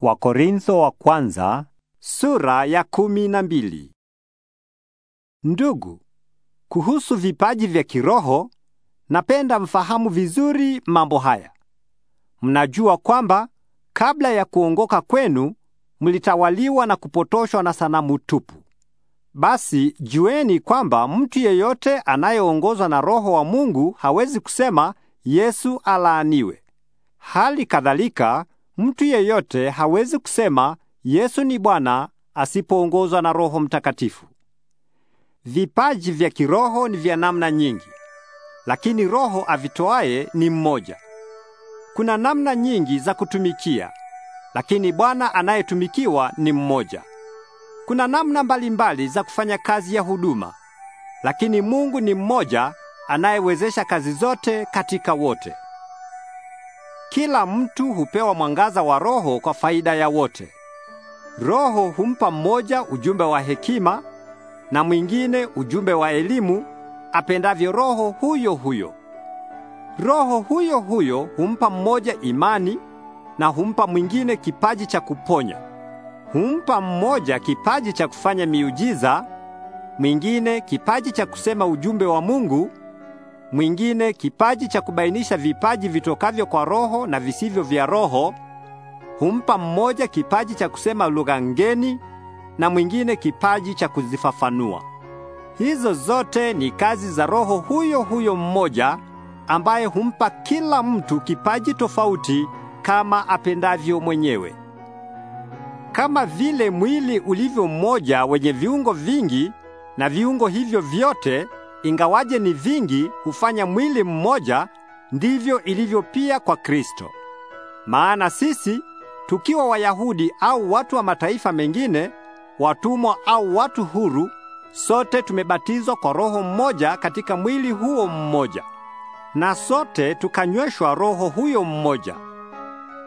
Wakorintho wa kwanza sura ya kumi na mbili. Ndugu, kuhusu vipaji vya kiroho napenda mfahamu vizuri mambo haya. Mnajua kwamba kabla ya kuongoka kwenu mlitawaliwa na kupotoshwa na sanamu tupu. Basi jueni kwamba mtu yeyote anayeongozwa na Roho wa Mungu hawezi kusema Yesu alaaniwe. Hali kadhalika Mtu yeyote hawezi kusema Yesu ni Bwana asipoongozwa na Roho Mtakatifu. Vipaji vya kiroho ni vya namna nyingi, lakini Roho avitoaye ni mmoja. Kuna namna nyingi za kutumikia, lakini Bwana anayetumikiwa ni mmoja. Kuna namna mbalimbali mbali za kufanya kazi ya huduma, lakini Mungu ni mmoja anayewezesha kazi zote katika wote. Kila mtu hupewa mwangaza wa Roho kwa faida ya wote. Roho humpa mmoja ujumbe wa hekima na mwingine ujumbe wa elimu apendavyo Roho huyo huyo. Roho huyo huyo humpa mmoja imani na humpa mwingine kipaji cha kuponya. Humpa mmoja kipaji cha kufanya miujiza, mwingine kipaji cha kusema ujumbe wa Mungu mwingine kipaji cha kubainisha vipaji vitokavyo kwa Roho na visivyo vya Roho, humpa mmoja kipaji cha kusema lugha ngeni na mwingine kipaji cha kuzifafanua. Hizo zote ni kazi za Roho huyo huyo mmoja ambaye humpa kila mtu kipaji tofauti kama apendavyo mwenyewe. Kama vile mwili ulivyo mmoja wenye viungo vingi na viungo hivyo vyote ingawaje ni vingi hufanya mwili mmoja, ndivyo ilivyo pia kwa Kristo. Maana sisi tukiwa Wayahudi au watu wa mataifa mengine, watumwa au watu huru, sote tumebatizwa kwa roho mmoja katika mwili huo mmoja, na sote tukanyweshwa roho huyo mmoja.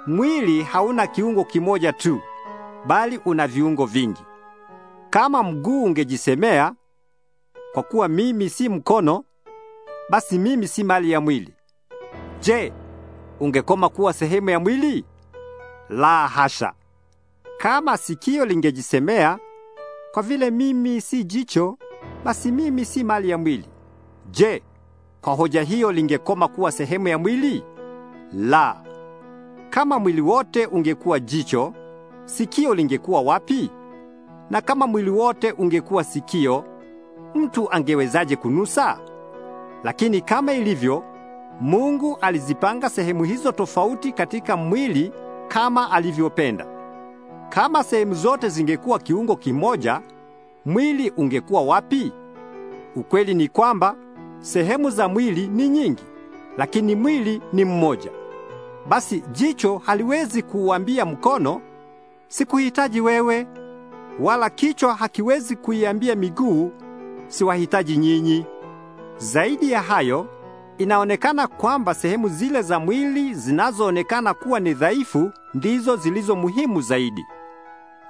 Mwili hauna kiungo kimoja tu, bali una viungo vingi. Kama mguu ungejisemea kwa kuwa mimi si mkono, basi mimi si mali ya mwili. Je, ungekoma kuwa sehemu ya mwili? La hasha! Kama sikio lingejisemea, kwa vile mimi si jicho, basi mimi si mali ya mwili. Je, kwa hoja hiyo lingekoma kuwa sehemu ya mwili? La! Kama mwili wote ungekuwa jicho, sikio lingekuwa wapi? Na kama mwili wote ungekuwa sikio, mtu angewezaje kunusa? Lakini kama ilivyo, Mungu alizipanga sehemu hizo tofauti katika mwili kama alivyopenda. Kama sehemu zote zingekuwa kiungo kimoja, mwili ungekuwa wapi? Ukweli ni kwamba sehemu za mwili ni nyingi, lakini mwili ni mmoja. Basi jicho haliwezi kuuambia mkono, sikuhitaji wewe, wala kichwa hakiwezi kuiambia miguu siwahitaji nyinyi. Zaidi ya hayo, inaonekana kwamba sehemu zile za mwili zinazoonekana kuwa ni dhaifu ndizo zilizo muhimu zaidi.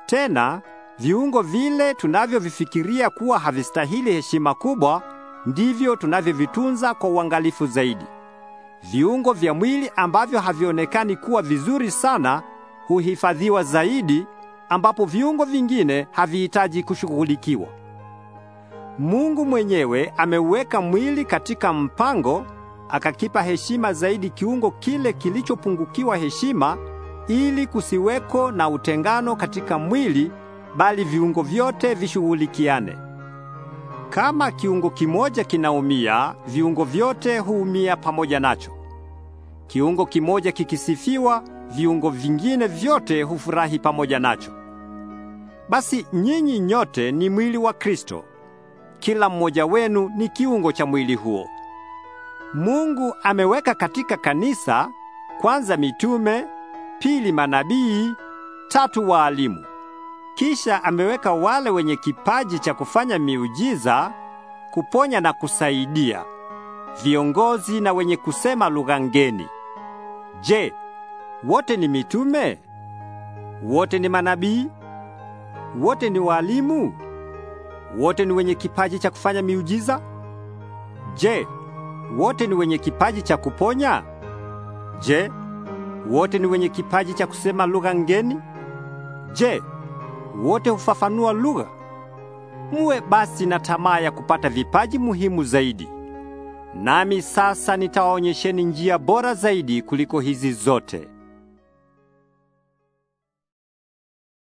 Tena viungo vile tunavyovifikiria kuwa havistahili heshima kubwa ndivyo tunavyovitunza kwa uangalifu zaidi. Viungo vya mwili ambavyo havionekani kuwa vizuri sana huhifadhiwa zaidi, ambapo viungo vingine havihitaji kushughulikiwa. Mungu mwenyewe ameweka mwili katika mpango, akakipa heshima zaidi kiungo kile kilichopungukiwa heshima, ili kusiweko na utengano katika mwili, bali viungo vyote vishughulikiane. Kama kiungo kimoja kinaumia, viungo vyote huumia pamoja nacho. Kiungo kimoja kikisifiwa, viungo vingine vyote hufurahi pamoja nacho. Basi nyinyi nyote ni mwili wa Kristo kila mmoja wenu ni kiungo cha mwili huo. Mungu ameweka katika kanisa kwanza mitume, pili manabii, tatu waalimu. Kisha ameweka wale wenye kipaji cha kufanya miujiza, kuponya na kusaidia, viongozi na wenye kusema lugha ngeni. Je, wote ni mitume? Wote ni manabii? Wote ni waalimu? wote ni wenye kipaji cha kufanya miujiza? Je, wote ni wenye kipaji cha kuponya? Je, wote ni wenye kipaji cha kusema lugha ngeni? Je, wote hufafanua lugha? Muwe basi na tamaa ya kupata vipaji muhimu zaidi. Nami sasa nitawaonyesheni njia bora zaidi kuliko hizi zote.